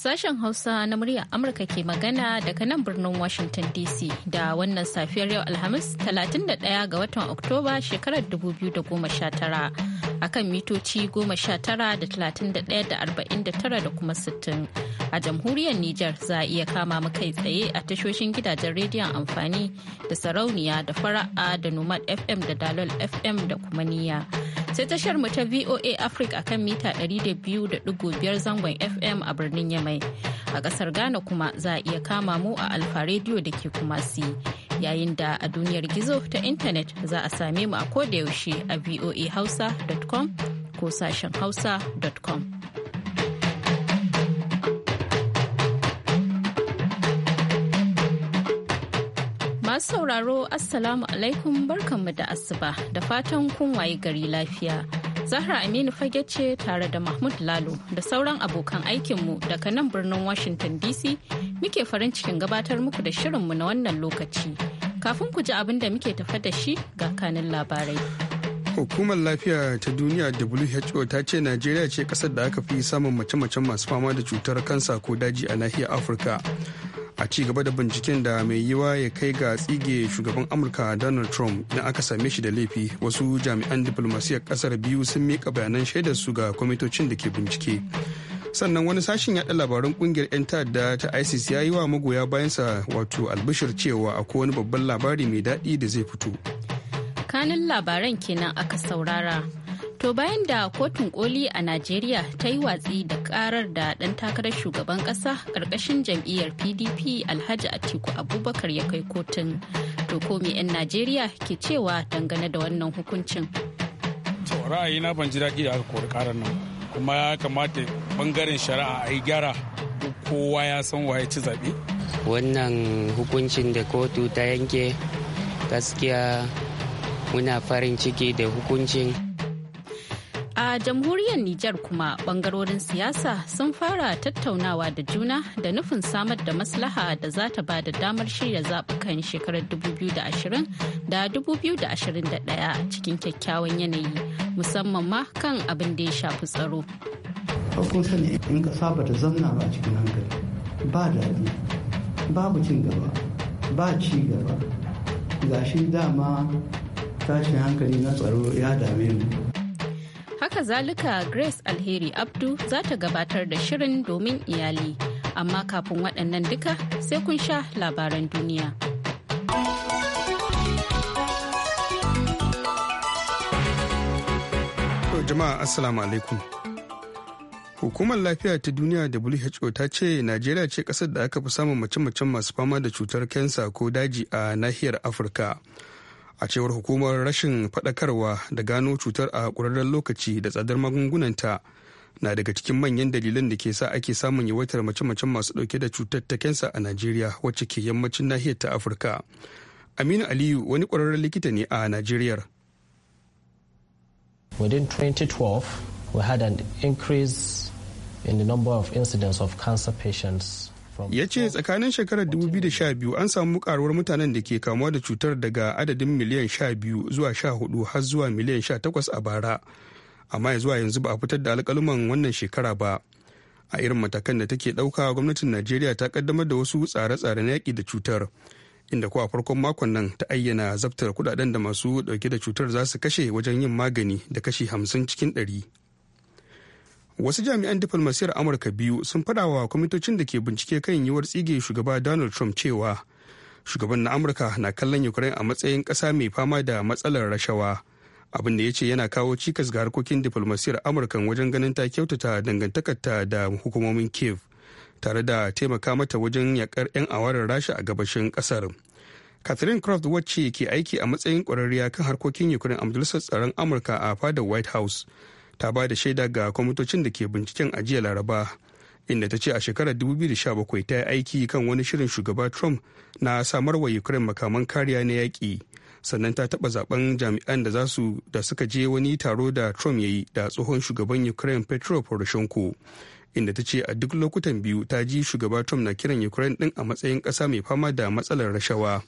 Sashen Hausa na muryar Amurka ke magana daga nan birnin Washington DC da wannan safiyar yau Alhamis 31 ga watan Oktoba shekarar 2019 akan mitoci 19 da 31 da 49 da kuma 60. A jamhuriyar Nijar za a iya kama mu kai tsaye a tashoshin gidajen rediyon amfani da sarauniya da fara'a da Nomad FM da Dalol FM da kuma niyya. Sai tashar mu ta VOA Africa akan mita 200.5 zangon FM a birnin Yamai. mai A ƙasar Ghana kuma za a iya kama mu a Alfa Radio da ke Kumasi. Yayin da a duniyar gizo ta intanet za a same mu a kodayaushe a voahausa.com ko sashen hausa.com. Masu sauraro Assalamu alaikum barkanmu da asuba da fatan kun waye gari lafiya. Zahra Aminu fage ce tare da Mahmud Lalo da sauran abokan aikinmu daga nan birnin Washington DC muke farin cikin gabatar muku da shirinmu na wannan lokaci. Kafin ku ji abin da muke tafa da shi ga kanin labarai. Hukumar lafiya ta duniya WHO ta ce Najeriya ce kasar da aka fi samun mace-macen masu fama da cutar kansa ko daji a nahiyar Afirka. a ci gaba da binciken da mai yiwa ya kai ga tsige shugaban amurka donald trump na aka same shi da laifi wasu jami'an diplomasiyar kasar biyu sun mika bayanan shaidar su ga kwamitocin da ke bincike sannan wani sashen yaɗa labaran kungiyar 'yan ta'adda ta isis ya yi wa magoya bayansa wato albishir cewa akwai wani babban labari mai daɗi da zai fito kanin labaran kenan aka saurara To bayan da kotun koli a Najeriya ta yi watsi da karar da ɗan takarar shugaban ƙasa ƙarƙashin jam'iyyar PDP Alhaji Atiku Abubakar ya kai kotun. To ko me 'yan Najeriya ke cewa dangane da wannan hukuncin? To ra'ayi na ban ji daɗi da aka kori karar nan. Kuma ya kamata bangaren shari'a a yi gyara duk kowa ya san waye ci zaɓe. Wannan hukuncin da kotu ta yanke gaskiya muna farin ciki da hukuncin. A jamhuriyar Nijar kuma bangarorin siyasa sun fara tattaunawa da juna da nufin samar da maslaha da za ta ba da damar shirya zaɓukan shekarar 2020 da 2021 cikin kyakkyawan yanayi musamman ma kan abin da ya shafi tsaro. kun sani in ka saba zamna ba cikin hankali ba daɗi babu cin gaba ba ci gaba gashi dama tashin hankali na tsaro ya dame mu Haka zalika Grace Alheri Abdu za ta gabatar da shirin domin iyali. Amma kafin waɗannan duka sai kun sha labaran duniya. Jama'a Assalamu alaikum. Hukumar Lafiya ta Duniya WHO ta ce Najeriya ce ƙasar da aka fi samun mace-macen masu fama da cutar kensa ko daji a nahiyar Afirka. a cewar hukumar rashin faɗakarwa da gano cutar a ƙwararren lokaci da tsadar magungunanta na daga cikin manyan dalilan da ke sa ake samun yawaitar mace-macen masu ɗauke da cutar ta kensa a najeriya wacce ke yammacin nahiyar ta afirka aminu aliyu wani ƙwararren likita ne a najeriya within 2012 we had an increase in the number of incidents of cancer patients ya ce tsakanin shekarar 2012 an samu karuwar mutanen da ke kamuwa da cutar daga adadin miliyan 12 zuwa 14 har zuwa miliyan 18 a bara amma zuwa yanzu ba a fitar da alkaluman wannan shekara ba a irin matakan da take ɗauka gwamnatin najeriya ta kaddamar da wasu tsare-tsare na yaki da cutar inda kuwa farkon makon nan ta ayyana zaftar kudaden da masu dauke da cutar za su kashe wajen yin magani da kashi hamsin cikin ɗari. wasu jami'an diflomasiyar amurka biyu sun faɗawa wa kwamitocin da ke bincike kan yiwuwar tsige shugaba donald trump cewa shugaban na amurka na kallon ukraine a matsayin ƙasa mai fama da matsalar rashawa abin da ya ce yana kawo cikas ga harkokin diflomasiyar amurka wajen ganin ta kyautata dangantakarta da hukumomin kiev tare da taimaka mata wajen yakar 'yan awarar rasha a gabashin ƙasar catherine croft wacce ke aiki a matsayin ƙwararriya kan harkokin ukraine a majalisar tsaron amurka a fadar white house ta ba da shaida ga kwamitocin da ke binciken a laraba inda ta ce a shekarar 2017 ta yi aiki kan wani shirin shugaba trump na samar wa ukraine makaman kariya na yaƙi sannan ta taɓa zaben jami'an da zasu da suka je wani taro da trump ya yi da tsohon shugaban ukraine petro poroshenko inda ta ce a duk lokutan biyu ta ji shugaba trump na kiran ukraine ɗin a matsayin ƙasa mai fama da matsalar rashawa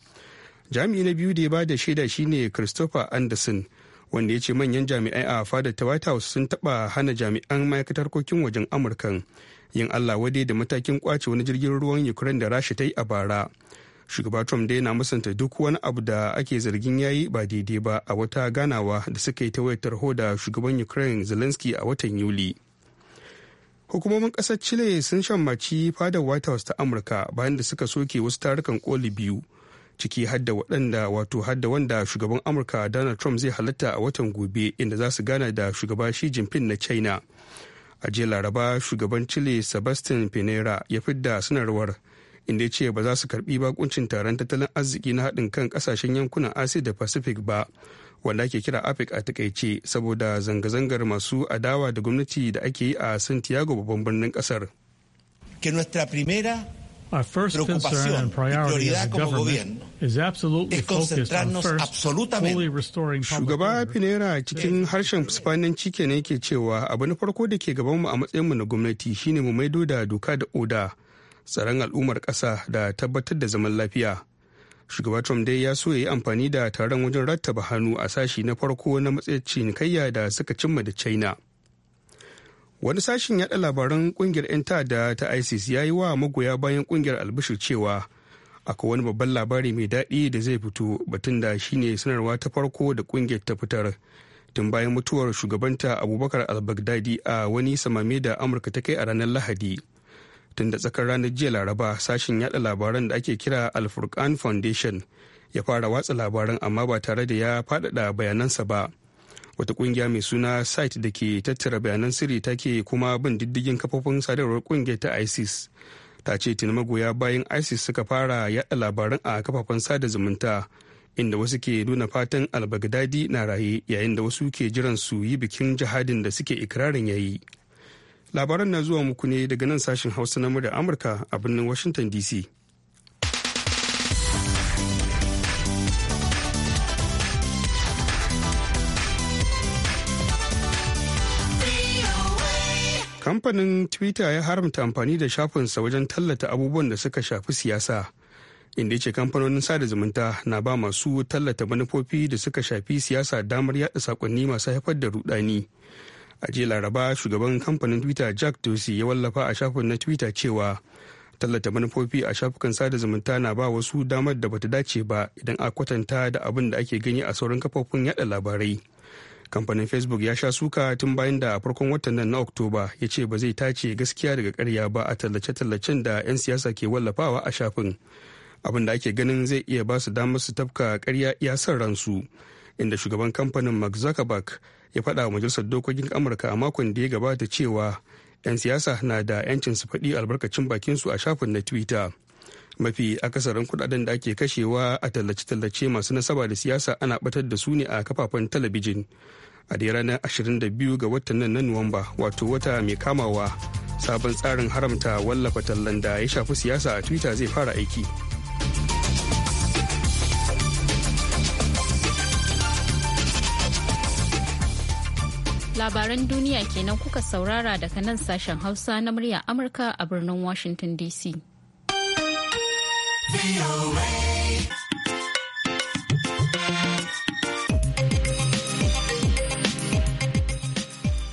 jami'i na biyu da ya ba da shaida shine christopher anderson wanda ya ce manyan jami'ai a fadar ta white house sun taɓa hana jami'an ma'aikatar harkokin wajen amurkan yin allah wade da matakin kwace wani jirgin ruwan ukraine da rasha ta yi a bara shugaba trump dai na musanta duk wani abu da ake zargin yayi ba daidai ba a wata ganawa da suka yi ta wayar tarho da shugaban ukraine zelensky a watan yuli hukumomin ƙasar chile sun shammaci fadar white house ta amurka bayan da suka soke wasu tarukan koli biyu ciki hadda waɗanda wato hadda wanda shugaban amurka donald trump zai halatta a watan gobe inda za su gana da shugaba shi jinping na china a jiya laraba shugaban chile sebastian pinera ya fidda sanarwar inda ya ce ba za su karbi bakuncin taron tattalin arziki na haɗin kan ƙasashen yankunan asia da pacific ba wanda ake kira apec a takaice saboda zanga-zangar masu adawa da gwamnati da ake yi a santiago babban birnin ƙasar que preocupación y prioridad como gobierno es concentrarnos absolutamente. Shugaba Pinera cikin harshen Spanish ke ne ke cewa abu na farko da ke gabanmu a matsayinmu na gwamnati shine mu maido da doka da oda, tsaron al'ummar ƙasa da tabbatar da zaman lafiya. Shugaba Trump dai ya so ya yi amfani da taron wajen rattaba hannu a sashi na farko na matsayin cinikayya da suka cimma da China. wani sashin yada labaran kungiyar 'yan ta'adda ta isis ya yi wa magoya bayan kungiyar albishir cewa akwai wani babban labari mai daɗi da zai fito batun da shine sanarwa ta farko da kungiyar ta fitar tun bayan mutuwar shugabanta abubakar al-baghdadi a wani samame da amurka ta kai a ranar lahadi tun da tsakar ranar jiya laraba sashin yada labaran da ake kira al-furqan foundation ya fara watsa labaran amma ba tare da ya faɗaɗa bayanansa ba wata kungiya mai suna site da ke tattara bayanan sirri ta ke kuma bin diddigin kafofin sadarwar kungiyar ta isis ta ce tuni magoya bayan isis suka fara yada labaran a kafafen sada zumunta inda wasu ke nuna fatan albagdadi na raye yayin da wasu ke jiran su yi bikin jihadin da suke ikirarin yayi labaran na zuwa muku ne daga nan sashen hausa na murya amurka a birnin washington dc kamfanin twitter ya haramta amfani da shafinsa wajen tallata abubuwan da suka shafi siyasa inda ce kamfanonin sada zumunta na ba masu tallata manufofi da suka shafi siyasa damar yada sakonni masu haifar da rudani a jiya laraba shugaban kamfanin twitter jack dorsey ya wallafa a shafin na twitter cewa tallata manufofi a shafukan sada zumunta na ba wasu damar da bata dace ba idan a kwatanta da abin da ake gani a sauran kafofin yada labarai kamfanin facebook ya sha suka tun bayan da farkon watan nan na oktoba ya ce ba zai tace gaskiya daga karya ba a tallace-tallacen da 'yan siyasa ke wallafawa a shafin abin da ake ganin zai iya ba su damar su tafka karya iya son ransu inda shugaban kamfanin mark zuckerberg ya faɗa wa majalisar dokokin amurka a makon da ya gabata cewa 'yan siyasa na da 'yancin su faɗi albarkacin bakin su a shafin na twitter mafi akasarin kudaden da ake kashewa a tallace-tallace masu nasaba da siyasa ana batar da su ne a kafafen talabijin a da ranar 22 ga watan nan na nuwamba wato wata mai kamawa sabon tsarin haramta wallafa tallan da ya shafi siyasa a twitter zai fara aiki labaran duniya kenan kuka saurara daga nan sashen hausa na murya amurka a birnin washington dc.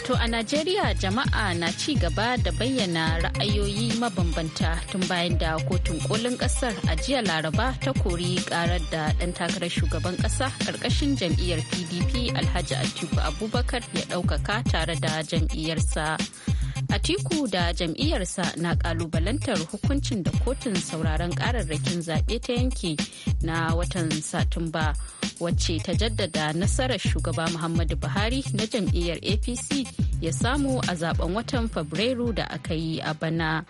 To a Najeriya jama'a na ci gaba da bayyana ra'ayoyi mabambanta tun bayan da kotun kolin kasar a jiya laraba ta kori karar da ɗan takarar shugaban ƙasa ƙarƙashin jam'iyyar PDP Alhaji Atiku Abubakar ya ɗaukaka tare da jam'iyyarsa. Atiku da jam'iyyarsa na kalubalantar hukuncin da kotun sauraron kararrakin zaɓe ta yanki na watan Satumba wacce ta jaddada nasarar shugaba Muhammadu Buhari na jam'iyyar APC ya samu a zaben watan Fabrairu da aka yi a bana.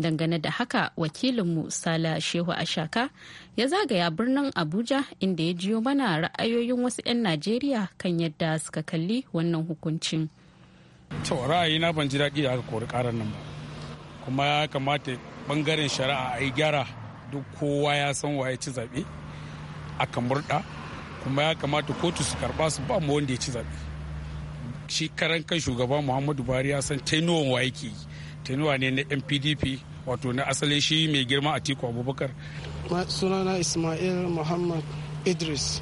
Dangane da haka wakilinmu Sala Shehu Ashaka ya zagaya birnin Abuja inda ya jiyo mana ra'ayoyin wasu 'yan Najeriya kan yadda suka kalli wannan hukuncin. to na ban ji daɗi da aka kori karar nan ba kuma ya kamata bangaren shari'a a yi gyara duk kowa ya san waye ci zaɓe aka murɗa kuma ya kamata kotu su karɓa su ba mu wanda ya ci zaɓe shi karan kan shugaba muhammadu buhari ya san tainuwan waye ke yi tainuwa ne na npdp wato na asalin shi mai girma a tiku abubakar sunana ismail muhammad idris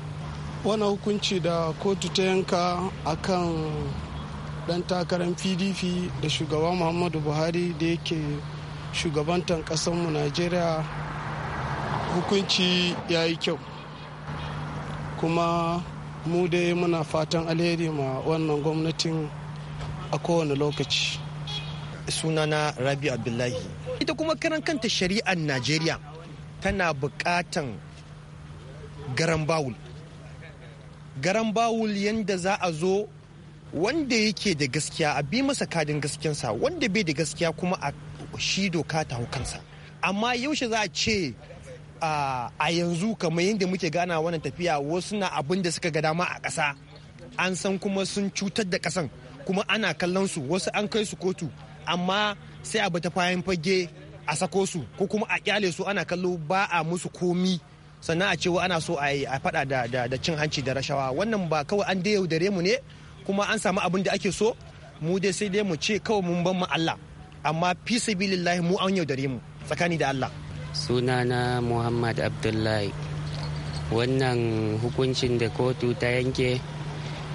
wani hukunci da kotu ta yanka akan dan takarar pdp da shugaba muhammadu buhari da yake shugabantar ƙasarmu najeriya hukunci ya yi kyau kuma mu dai muna fatan alheri ma wannan gwamnatin a kowane lokaci sunana rabi abdullahi ita kuma karan kanta shari'ar najeriya tana bukatan garan bawul garan bawul yadda za a zo wanda yake da gaskiya a bi masa kadin gaskiyansa wanda bai da gaskiya kuma a shi doka ta kansa amma yaushe za a ce a yanzu kamar yadda muke gana wannan tafiya wasu na abin da suka ga dama a ƙasa an san kuma sun cutar da ƙasan kuma ana kallon su wasu an kai su kotu amma sai abu ta fayan fage a sako su ko kuma a kyale su ana kallo ba a musu komi sannan a cewa ana so a faɗa da cin hanci da rashawa wannan ba kawai an da yaudare mu ne kuma an samu abin da ake so mu dai sai dai mu ce kawai mun ban mu Allah amma fi sabilillahi mu an yaudare mu tsakani da Allah sunana Muhammad Abdullahi wannan hukuncin da kotu ta yanke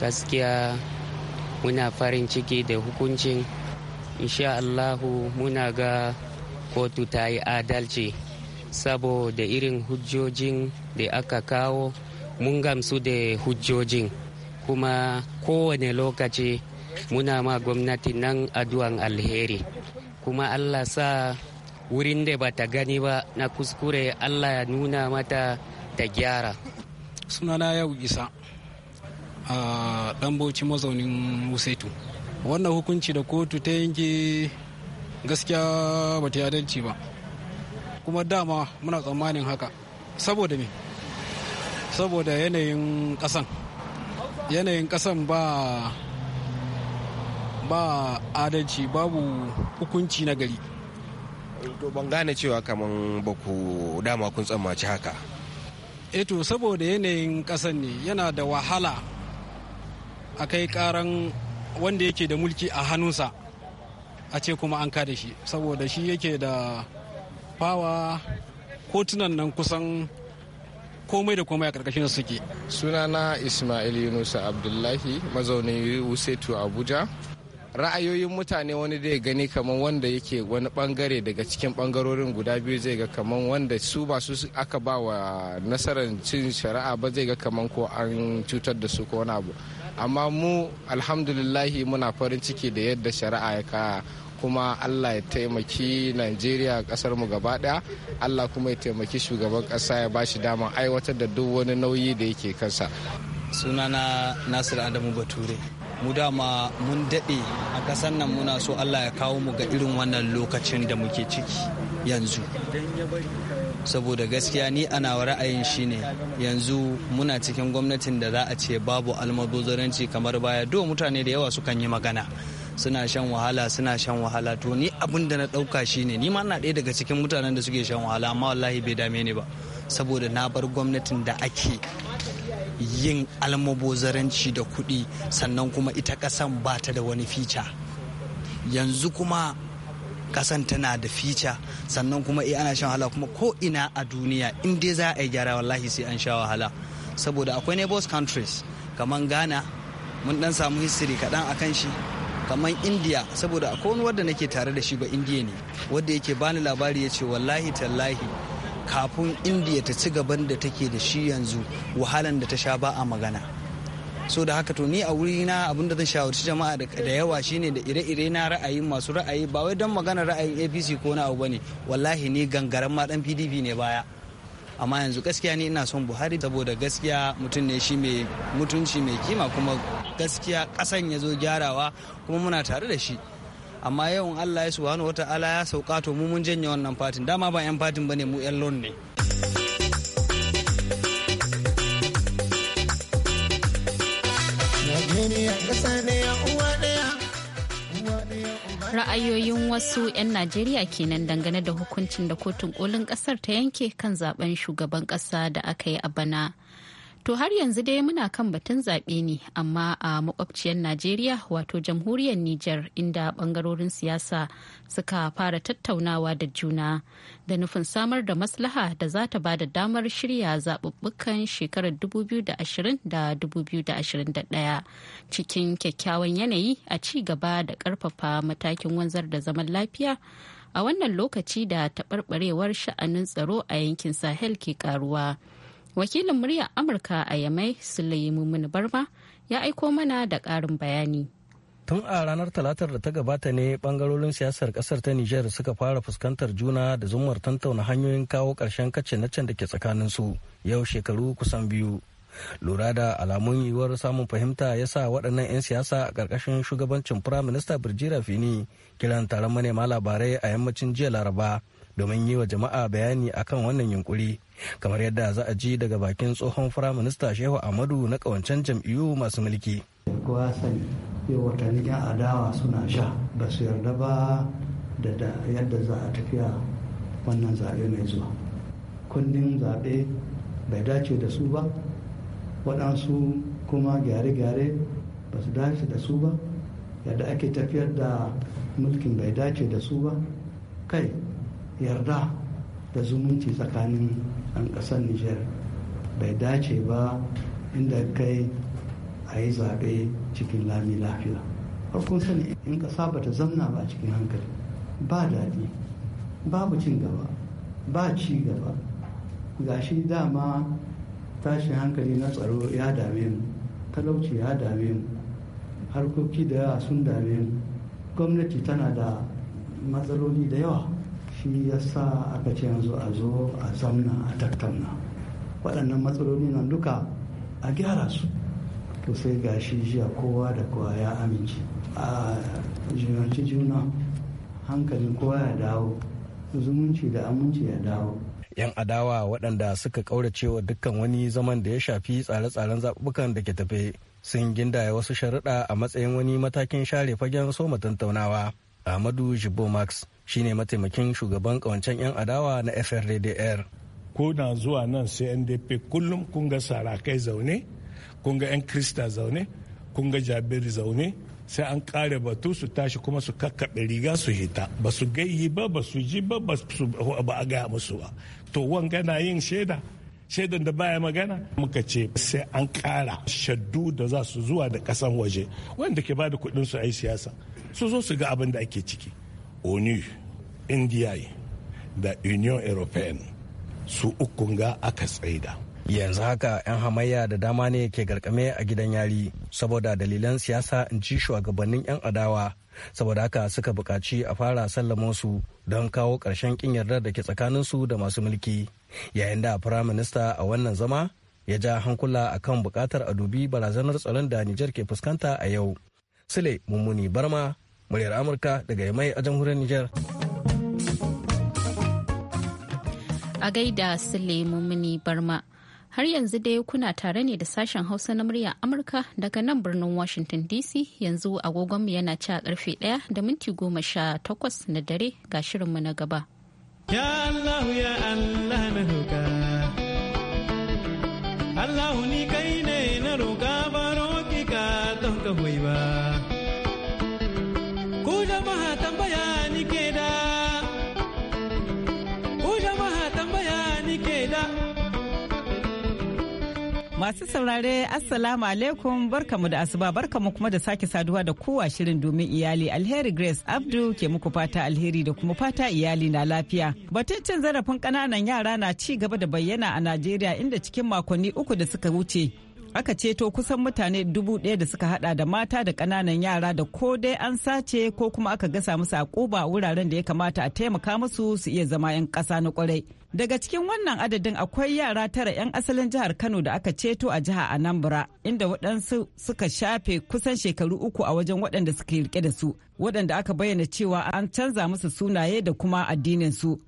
gaskiya muna farin ciki da hukuncin insha Allahu muna ga kotu ta yi adalci saboda irin hujjojin da aka kawo mun gamsu da hujjojin kuma kowane lokaci muna ma gwamnati nan duwan alheri kuma allah sa wurin da ba ta gani ba na kuskure allah ya nuna mata ta gyara sunana yau isa a dan bauchi mazaunin musaitu wannan hukunci da kotu ta yanke gaskiya ba ta yadanci ba kuma dama muna tsammanin haka saboda me saboda yanayin kasan yanayin kasan ba ba adalci babu hukunci na gari to ban gane cewa kaman ba ku dama kun tsammaci haka eto eh saboda yanayin kasan ne yana da wahala a kai karan wanda yake da mulki a hannunsa a ce kuma an kada shi saboda shi yake da fawa kotunan nan kusan komai da komai a karkashin suke sunana ismail yunus abdullahi mazaunin wusetu abuja ra'ayoyin mutane wani zai gani kamar wanda yake wani bangare daga cikin bangarorin guda biyu zai ga kamar wanda su ba su aka ba wa nasarar cin shari'a ba zai ga kamar ko an cutar da su ko wani abu amma mu alhamdulillahi muna farin ciki da yadda shari'a ya ka kuma allah ya taimaki najeriya kasar mu gaba daya allah kuma ya taimaki shugaban kasa ya ba shi dama aiwatar da duk wani nauyi da yake kansa sunana nasir adamu bature mu dama mun daɗe a ƙasar nan muna so allah ya kawo mu ga irin wannan lokacin da muke ciki yanzu saboda gaskiya ni ana ra'ayin shine yanzu muna cikin gwamnatin da za a ce babu almabozaranci kamar baya do mutane da yawa sukan yi magana suna shan wahala suna shan wahala to ni abin da na ɗauka shine ni ma na ɗaya daga cikin mutanen da suke shan wahala amma wallahi bai dame ni ba saboda na bar gwamnatin da ake yin almabozaranci da kuɗi sannan kuma ita ƙasan ba ta da wani fica yanzu kuma ƙasan tana da fica sannan kuma eh ana shan wahala kuma ko ina a duniya in dai za a yi gyara wallahi sai an sha wahala saboda akwai neighbors countries kamar ghana mun dan samu history kaɗan a kan shi kamar indiya saboda akwai wani wanda nake tare da shi ba indiya ne wadda yake bani labari ya ce wallahi tallahi kafin indiya ta ci gaban da take da shi yanzu wahalan da ta sha ba a magana so da haka to ni a wuri na abin da zan shawarci jama'a da yawa shine da ire-ire na ra'ayi masu ra'ayi ba wai don magana ra'ayin apc ko na abu bane wallahi ni gangaren ma dan pdp ne baya amma yanzu gaskiya ni ina son buhari saboda gaskiya mutum ne shi mai mutunci mai kima kuma gaskiya kasan ya zo gyarawa kuma muna tare da shi amma yawan allah ya wata ala ya sauka to mu mun janye wannan fatin dama ba yan fatin bane mu yan lon ne ya ya ra'ayoyin wasu 'yan najeriya kenan dangane da hukuncin da kotun kolin kasar ta yanke kan zaben shugaban kasa da aka yi a bana To har yanzu dai muna kan batun zaɓe ne amma a makwabciyar Najeriya wato jamhuriyar Nijar inda ɓangarorin siyasa suka fara tattaunawa da juna da nufin samar da maslaha da za ta ba da damar shirya zaɓuɓɓukan shekarar 2020 da 2021 cikin kyakkyawan yanayi a ci gaba da ƙarfafa matakin wanzar da zaman lafiya a wannan lokaci da taɓarɓarewar sha'anin tsaro a yankin Sahel ke ƙaruwa. wakilin muryar amurka a yamai sulaimu barba ya aiko mana da ƙarin bayani tun a ranar talatar da ta gabata ne bangarorin siyasar kasar ta niger suka fara fuskantar juna da zumar tantauna hanyoyin kawo ƙarshen kace na can da ke tsakanin su yau shekaru kusan biyu lura da alamun yiwuwar samun fahimta ya sa waɗannan 'yan siyasa a ƙarƙashin shugabancin firaminista birjira fini kiran taron manema labarai a yammacin jiya laraba domin yi wa jama'a bayani akan wannan yunkuri kamar yadda za a ji daga bakin tsohon firaminista shehu amadu na kawancen jam'iyyu masu mulki kowa sani yau watanni yan adawa suna sha ba su yarda ba da yadda za a tafiya wannan zaɓe mai zuwa kundin zaɓe bai dace da su ba waɗansu kuma gyare-gyare ba su dace da su ba yadda ake tafiyar da mulkin bai dace da su ba kai yarda da zumunci tsakanin ɗan ƙasar Nijar bai dace ba inda kai a yi zaɓe cikin lami lafiya farkon sani in ƙasa ba ta zamna ba cikin hankali ba daɗi babu cin gaba ba ci gaba gashi dama tashin hankali na tsaro ya dame mu talauci ya dame mu harkoki da yawa sun dame mu gwamnati tana da matsaloli da yawa shi ya sa aka ce yanzu a zo a zamna a tattauna waɗannan matsaloli na duka a gyara su to sai ga shi jiya kowa da kowa ya amince a junanci juna hankalin kowa ya dawo zumunci da aminci ya dawo 'yan adawa waɗanda suka ƙauracewa dukkan wani zaman da ya shafi tsare-tsaren zaɓuɓɓukan da ke tafe sun gindaya wasu sharuɗa a matsayin wani matakin share fagen soma tattaunawa ahmadu jibo max shine mataimakin shugaban kawancen 'yan adawa na FRDDR. Ko na zuwa nan sai NDP kullum kun ga sarakai zaune, kun ga 'yan Krista zaune, kun ga Jabiru zaune, sai an kare batu su tashi kuma su kakkaɓe riga su hita ba su gayyi ba ba su ji ba ba a gaya musu ba to wanga na yin shaida shaidan da baya magana muka ce sai an kara shaddu da za su zuwa da kasan waje wanda ke ba da kuɗin su a yi siyasa su zo su ga abin da ake ciki onu india da union european su ukun ga aka tsaida yanzu haka 'yan hamayya da dama ne ke garkame a gidan yari saboda dalilan siyasa in ci shugabannin 'yan adawa saboda haka suka buƙaci a fara sallama su don kawo ƙarshen ƙin yardar da ke tsakaninsu da masu mulki yayin da firaminista a wannan zama ya ja hankula a kan buƙatar a dubi barazanar tsaron da nijar ke fuskanta a yau sule mummuni barma muryar amurka daga yamai a jamhuriyar niger a gaida sule mini barma har yanzu dai kuna tare ne da sashen hausa na murya amurka daga nan birnin washington dc yanzu agogonmu yana ci a karfe ɗaya da minti goma sha takwas na dare ga shirinmu na gaba ya allah ya na roka allahu ni kai ne na roka baro ki ka don ka ba Masu saurare Assalamu alaikum barkamu da asuba barkamu kuma da sake saduwa da kowa shirin domin iyali alheri Grace Abdu ke muku fata alheri da kuma fata iyali na lafiya. Batun cin zarafin kananan yara na ci gaba da bayyana a Najeriya inda cikin makonni uku da suka wuce aka ceto kusan mutane dubu ɗaya da suka hada da mata da ƙananan yara da ko dai an sace ko kuma aka gasa musu a wuraren da ya kamata a taimaka musu su iya zama 'yan ƙasa na kwarai daga cikin wannan adadin akwai yara tara 'yan asalin jihar kano da aka ceto a jihar anambra inda waɗansu suka shafe kusan shekaru uku a wajen waɗanda suka rike da su waɗanda aka bayyana cewa an canza musu sunaye da kuma addinin su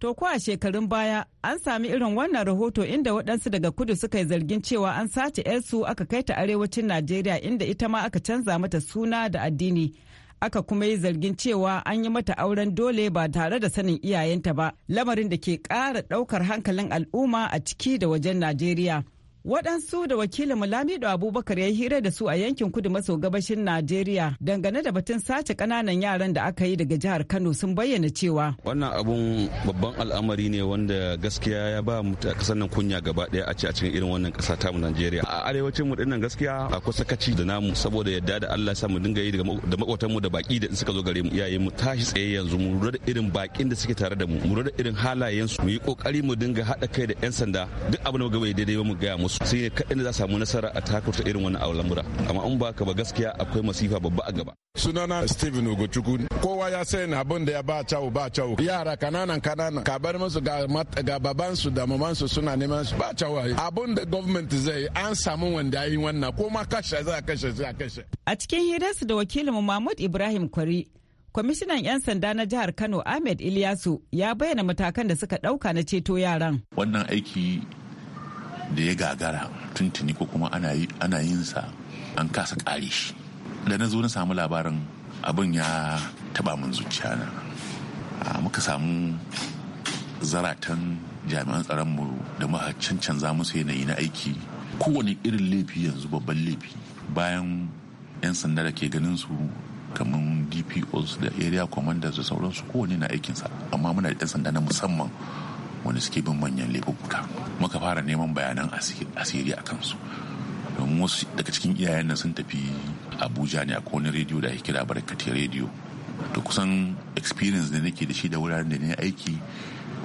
To ko a shekarun baya an sami irin wannan rahoto inda waɗansu daga kudu suka yi zargin cewa an sace 'yarsu aka kai ta arewacin Najeriya inda ita ma aka canza mata suna da addini. Aka kuma yi zargin cewa an yi mata auren dole ba tare da sanin iyayenta ba, lamarin da ke ƙara ɗaukar hankalin al'umma a ciki da wajen Najeriya. waɗansu da wakilin Lamido Abubakar ya yi hira da su a yankin kudu maso gabashin Najeriya dangane da batun sace kananan yaran da aka yi daga jihar Kano sun bayyana cewa. Wannan abun babban al'amari ne wanda gaskiya ya ba mu ƙasar nan kunya gaba ɗaya a ce a cikin irin wannan ƙasa ta mu Najeriya. A arewacin mu ɗin gaskiya akwai sakaci da namu saboda yadda da Allah sa mu dinga yi da makwatan mu da baki da suka zo gare mu iyaye mu tashi tsaye yanzu mu lura irin bakin da suke tare da mu mu lura irin halayen su mu yi kokari mu dinga haɗa kai da 'yan sanda duk abin da gaba daidai mu gaya musu sai ne kaɗai za samu nasara a takurta irin wani a lamura amma in ba ka ba gaskiya akwai masifa babba a gaba sunana steven ogochukwu kowa ya sayin abin da ya ba cawo ba cawo yara kananan kananan ka bar musu ga babansu da mamansu suna neman su ba cawo abin da government zai an samu wanda yi wannan ko ma kashe za a kashe za a kashe a cikin hirarsu da mu mahmud ibrahim kwari kwamishinan 'yan sanda na jihar kano ahmed ilyasu ya bayyana matakan da suka dauka na ceto yaran wannan aiki da ya gagara tuntuni ko kuma ana yin sa an kasa kare shi da na zo na samu labarin abin ya taba mun zuciya na muka samu zaratan jami'an tsaron mu da muka cancanza musu yanayi na aiki kowane irin laifi yanzu babban laifi bayan 'yan sanda da ke ganin su kamar dpos da area commanders da sauransu kowane na aikinsa amma muna da 'yan sanda na musamman wani suke bin manyan laifuka muka fara neman bayanan asiri a kansu domin wasu daga cikin iyayen nan sun tafi abuja ne a wani rediyo da ake kira barkati rediyo to kusan experience da nake da shi da wuraren da ne aiki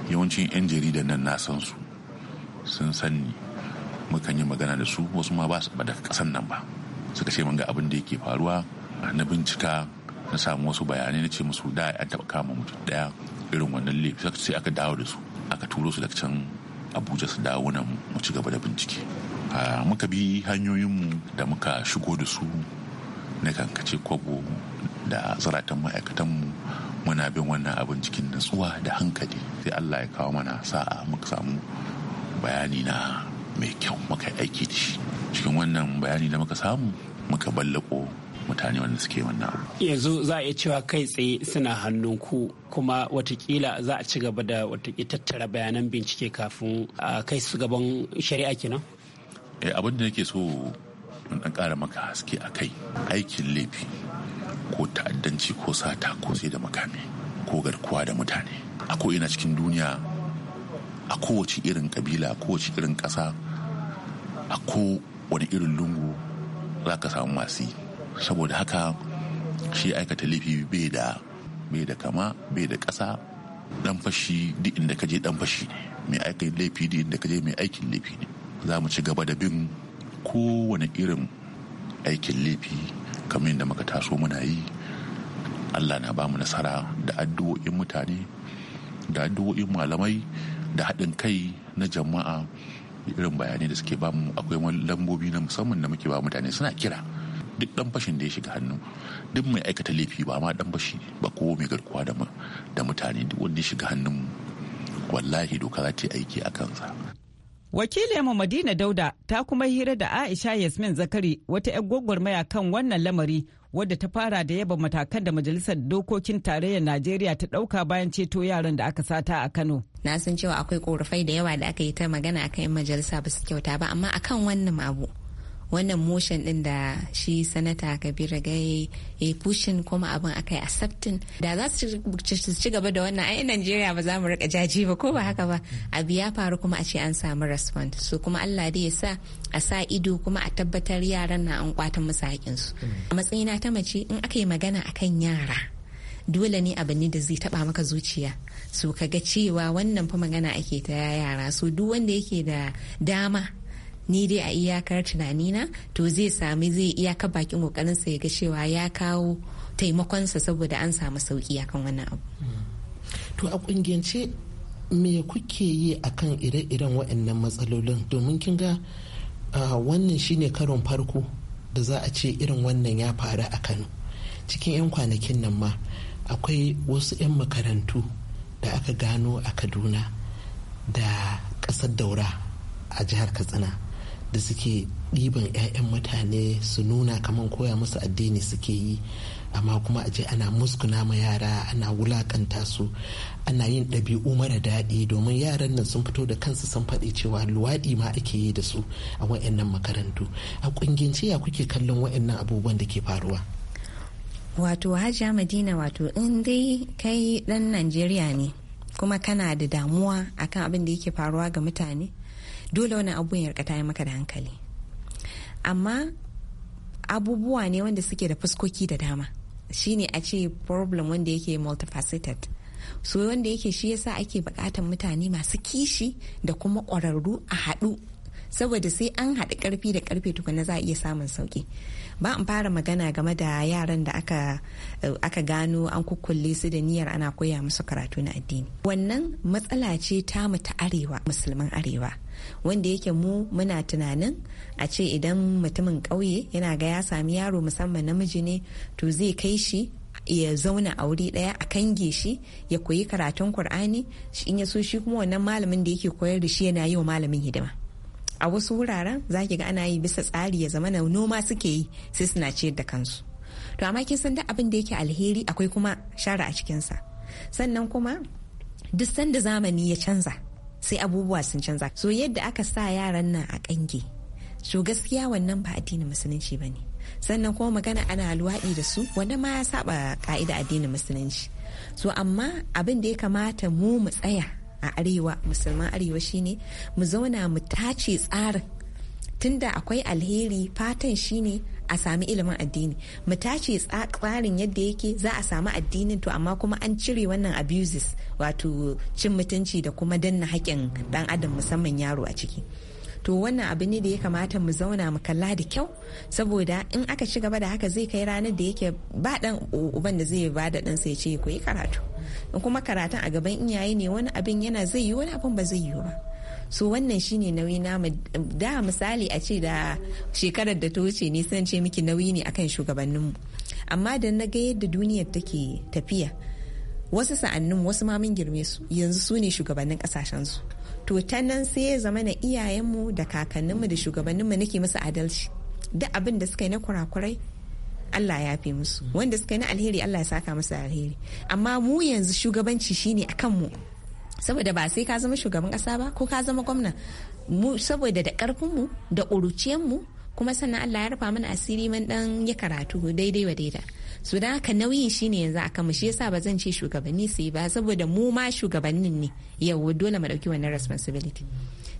yawancin 'yan jaridan nan na san su sun ni mukan yi magana da su wasu ma ba daga kasan nan ba suka ce mun ga abin da yake faruwa na bincika na samu wasu bayanai na ce musu da an taɓa kama mutum daya irin wannan laifi sai aka dawo da su aka turo su daga can abuja su dawo nan mu ci gaba da bincike muka bi hanyoyinmu da muka shigo da su na kankace kwabo da zaratan ma'aikatanmu muna bin wannan abin cikin natsuwa da hankali sai allah ya kawo mana sa'a muka samu bayani na mai kyau muka aiki da shi cikin wannan bayani da muka samu muka ballako mutane wanda suke wannan abu yanzu za a iya cewa kai tsaye suna hannun ku kuma watakila za a ci gaba da tattara bayanan bincike kafin a kai su gaban shari'a kenan eh, abin da nake so in dan kara maka haske a kai aikin laifi ko ta'addanci ko sata ko sai da makami ko garkuwa da mutane a ina cikin duniya a kowace irin kabila a kowace irin ƙasa a ko wani irin lungu za ka samu masu yi saboda haka shi aikata laifi bai da bai da kama bai da ƙasa dan fashi duk inda kaje dan fashi ne mai aikin laifi duk inda kaje mai aikin laifi ne za mu ci gaba da bin kowane irin aikin laifi kamar yadda muka taso muna yi allah na ba mu nasara da addu'o'in mutane da addu'o'in malamai da haɗin kai na jama'a irin bayanai da suke bamu akwai lambobi na musamman da muke ba mutane suna kira duk dan fashin da ya shiga hannu duk mai aikata laifi ba ma dan fashi ba ko mai garkuwa da mutane duk wanda ya shiga hannun wallahi doka za ta aiki a kansa mu Madina Dauda ta kuma hira da Aisha Yasmin Zakari wata 'yan maya kan wannan lamari wadda ta fara da yaba matakan da Majalisar Dokokin Tarayyar Najeriya ta dauka bayan ceto yaran da aka sata a Kano. Na san cewa akwai korafai da yawa da aka yi ta magana akan 'yan majalisa ba su kyauta ba amma akan wannan abu wannan motion din da shi sanata kabira ga ya pushin kuma abin a accepting da za su ci gaba da wannan ai Najeriya ba za mu rika jaji ba ko ba haka ba abu ya faru kuma a ce an samu response so kuma Allah da ya sa a sa ido kuma a tabbatar yaran na an kwata musu haƙinsu a matsayina ta mace in aka yi magana akan yara dole ne abu ne da zai taba maka zuciya so ka ga cewa wannan fa magana ake ta yara so duk wanda yake da dama ni dai a iyakar tunanina to zai sami zai iyaka bakin kokarinsa ya ga cewa ya kawo taimakonsa saboda an samu sauki akan wannan abu to a kungiyance me kuke yi akan ire-iren waɗannan matsalolin domin kin ga wannan shine karon farko da za a ce irin wannan ya faru a kano cikin 'yan kwanakin nan ma akwai wasu 'yan makarantu da aka gano a kaduna da ƙasar daura a jihar katsina da suke ɗiban 'ya'yan mutane su nuna kamar koya musu addini suke yi amma kuma a je ana muskuna ma yara ana wulakanta su ana yin ɗabi'u mara daɗi domin yaran nan sun fito da kansu sun faɗi cewa luwaɗi ma ake yi da su a wa'annan makarantu a ƙungiyance ya kuke kallon wa'annan abubuwan da ke faruwa wato hajiya madina wato in dai kai ɗan najeriya ne kuma kana da damuwa akan abin da yake faruwa ga mutane dole wani abun ya rika ya maka da hankali amma abubuwa ne wanda suke da fuskoki da dama shine a ce problem wanda yake multifaceted so wanda yake shi yasa ake bukatan mutane masu kishi da kuma ƙwararru a haɗu saboda sai an haɗu karfi da ƙarfe tukuna za a iya samun sauƙi ba in fara magana game da yaran da eh, aka gano an kukkulle su da niyyar ana koya musu karatu na addini wannan matsala ce ta mu arewa musulman arewa wanda yake mu muna tunanin a ce idan mutumin ƙauye yana ga ya sami yaro musamman namiji ne to zai kai shi ya zauna a wuri daya a kange shi ya koyi karatun kur'ani in ya so shi kuma wannan malamin da yake koyar da shi yana yi wa malamin hidima a wasu wuraren za ki ga ana yi bisa tsari ya zama na noma suke yi sai suna ciyar da kansu to amma kin san da abin da yake alheri akwai kuma share a cikin sa sannan kuma duk sanda zamani ya canza sai abubuwa sun canza so yadda aka sa yaran nan a kange so gaskiya wannan ba addinin musulunci ba ne sannan kuma magana ana luwaɗi da su wanda ma ya saba ka'ida addinin musulunci so amma abin da ya kamata mu mu tsaya a arewa musulman arewa shine mu zauna mu tace tsarin tunda akwai alheri fatan shine a sami ilimin addini mu tace tsarin yadda yake za a sami addinin to amma kuma an cire wannan abuses wato cin mutunci da kuma danna haƙƙin ɗan adam musamman yaro a ciki to wannan abin ne da ya kamata mu zauna mu kalla da kyau saboda in aka ci gaba da haka zai kai ranar da yake ba dan uban da zai ba da dan sai ce ku yi karatu in kuma karatun a gaban iyaye ne wani abin yana zai yi wani abin ba zai yi ba so wannan shine nauyi namu da misali a ce da shekarar da ta wuce ne san ce miki nauyi ne akan shugabanninmu amma da na ga yadda duniyar take tafiya wasu sa'annin wasu ma mun girme su yanzu su ne shugabannin kasashen su to tanan nan sai ya zama na iyayenmu da kakanninmu da shugabanninmu nake masu adalci duk abin da suka yi na kurakurai Allah ya fi musu wanda suka yi na alheri Allah ya saka musu alheri amma mu yanzu shugabanci shine a kanmu saboda ba sai ka zama shugaban kasa ba ko ka zama gwamna mu saboda da karfinmu da ƙuruciyanmu kuma sannan Allah ya rufa mana asiri man dan ya karatu daidai wa daidai. su da haka nauyin shine yanzu a mu shi yasa ba zan ce shugabanni su yi ba saboda mu ma shugabannin ne yau dole mu dauki wannan responsibility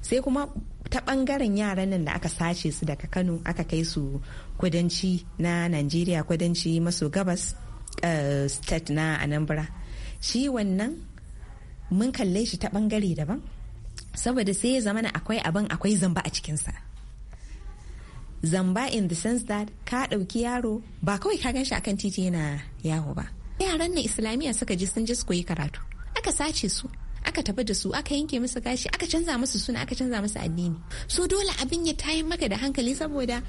sai kuma ta bangaren yaran nan da aka sace su daga Kano aka kai su kudanci na nigeria kudanci maso gabas eh, state na Anambra shi wannan mun kalle shi ta bangare daban saboda sai ya zamana akwai abin akwai zamba a cikinsa zamba in the sense that ka ɗauki yaro ba kawai ka gan shi akan titi yana yawo ba yaran na islamiyya suka ji sun je su koyi karatu aka sace su aka tafi da su aka yanke musu gashi aka canza musu suna aka canza musu addini so dole abin ya tayi maka da hankali saboda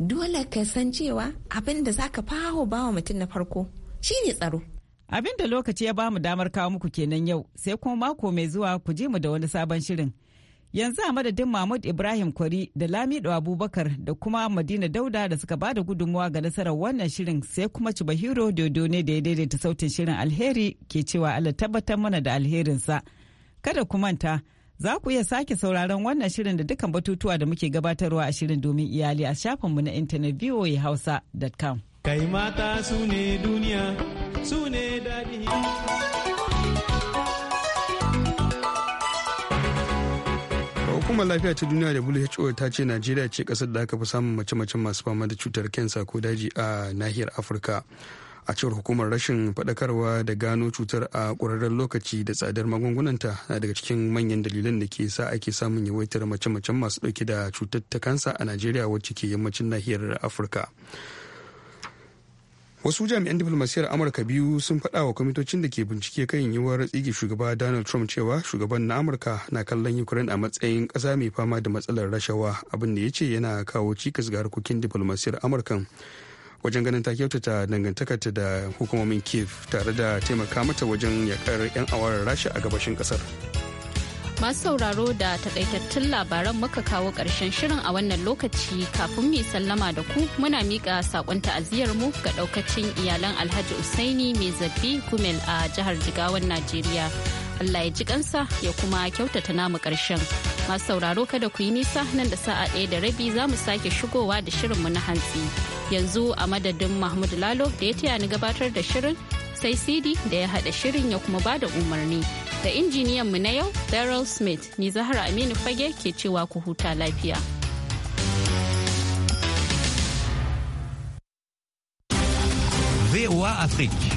dole ka san cewa abin da zaka faho bawa mutum na farko shine tsaro abin da lokaci ya bamu damar kawo muku kenan yau sai kuma mako mai zuwa ku je mu da wani sabon shirin Yanzu a madadin Mahmud Ibrahim Kwari da Lamido Abubakar da kuma Madina Dauda da suka bada gudunmawa ga nasarar wannan shirin sai kuma Cibahiro Dodo ne da ya daidaita sautin shirin alheri ke cewa Allah tabbatar mana da alherinsa. Kada ku manta, za ku iya sake sauraron wannan shirin da dukkan batutuwa da muke gabatarwa a shirin domin iyali a shafinmu na intanet voahausa.com. Kai mata su ne duniya, su ne daɗi. hukumar lafiya ta duniya da who ta ce najeriya ce kasar da aka fi samun mace-macen masu fama da cutar kensa ko daji a nahiyar afirka a cewar hukumar rashin faɗakarwa da gano cutar a ƙwararren lokaci da tsadar magungunanta na daga cikin manyan dalilan da ke sa ake samun yawaitar mace-macen masu ɗauke da cutar ta kansa a najeriya wacce ke yammacin nahiyar afirka wasu jami'an diflomasiyar amurka biyu sun faɗa wa kwamitocin da ke bincike kan yiwuwar tsige shugaba donald trump cewa shugaban na amurka na kallon ukraine a matsayin ƙasa mai fama da matsalar rashawa abin da ya ce yana kawo cikas ga harkokin diflomasiyar amurka wajen ganin ta kyautata dangantakarta da hukumomin kiev tare da taimaka mata wajen yakar 'yan awarar rasha a gabashin ƙasar. Masu sauraro da takaitattun labaran muka kawo ƙarshen shirin a wannan lokaci kafin mu sallama da ku muna miƙa saƙon ta'aziyar mu ga ɗaukacin iyalan Alhaji Usaini mai zabi Gumel a jihar Jigawan Najeriya. Allah ya ji kansa ya kuma kyautata namu ƙarshen. Masu sauraro kada ku yi nisa nan da sa'a ɗaya da rabi za mu sake shigowa da shirinmu na hantsi. Yanzu a madadin Mahmud Lalo da ya taya ni gabatar da shirin sai Sidi da ya haɗa shirin ya kuma bada umarni. da injiniyan mu na yau Daryl Smith ni zahara Aminu Fage ke cewa ku huta lafiya. VOA Afrique.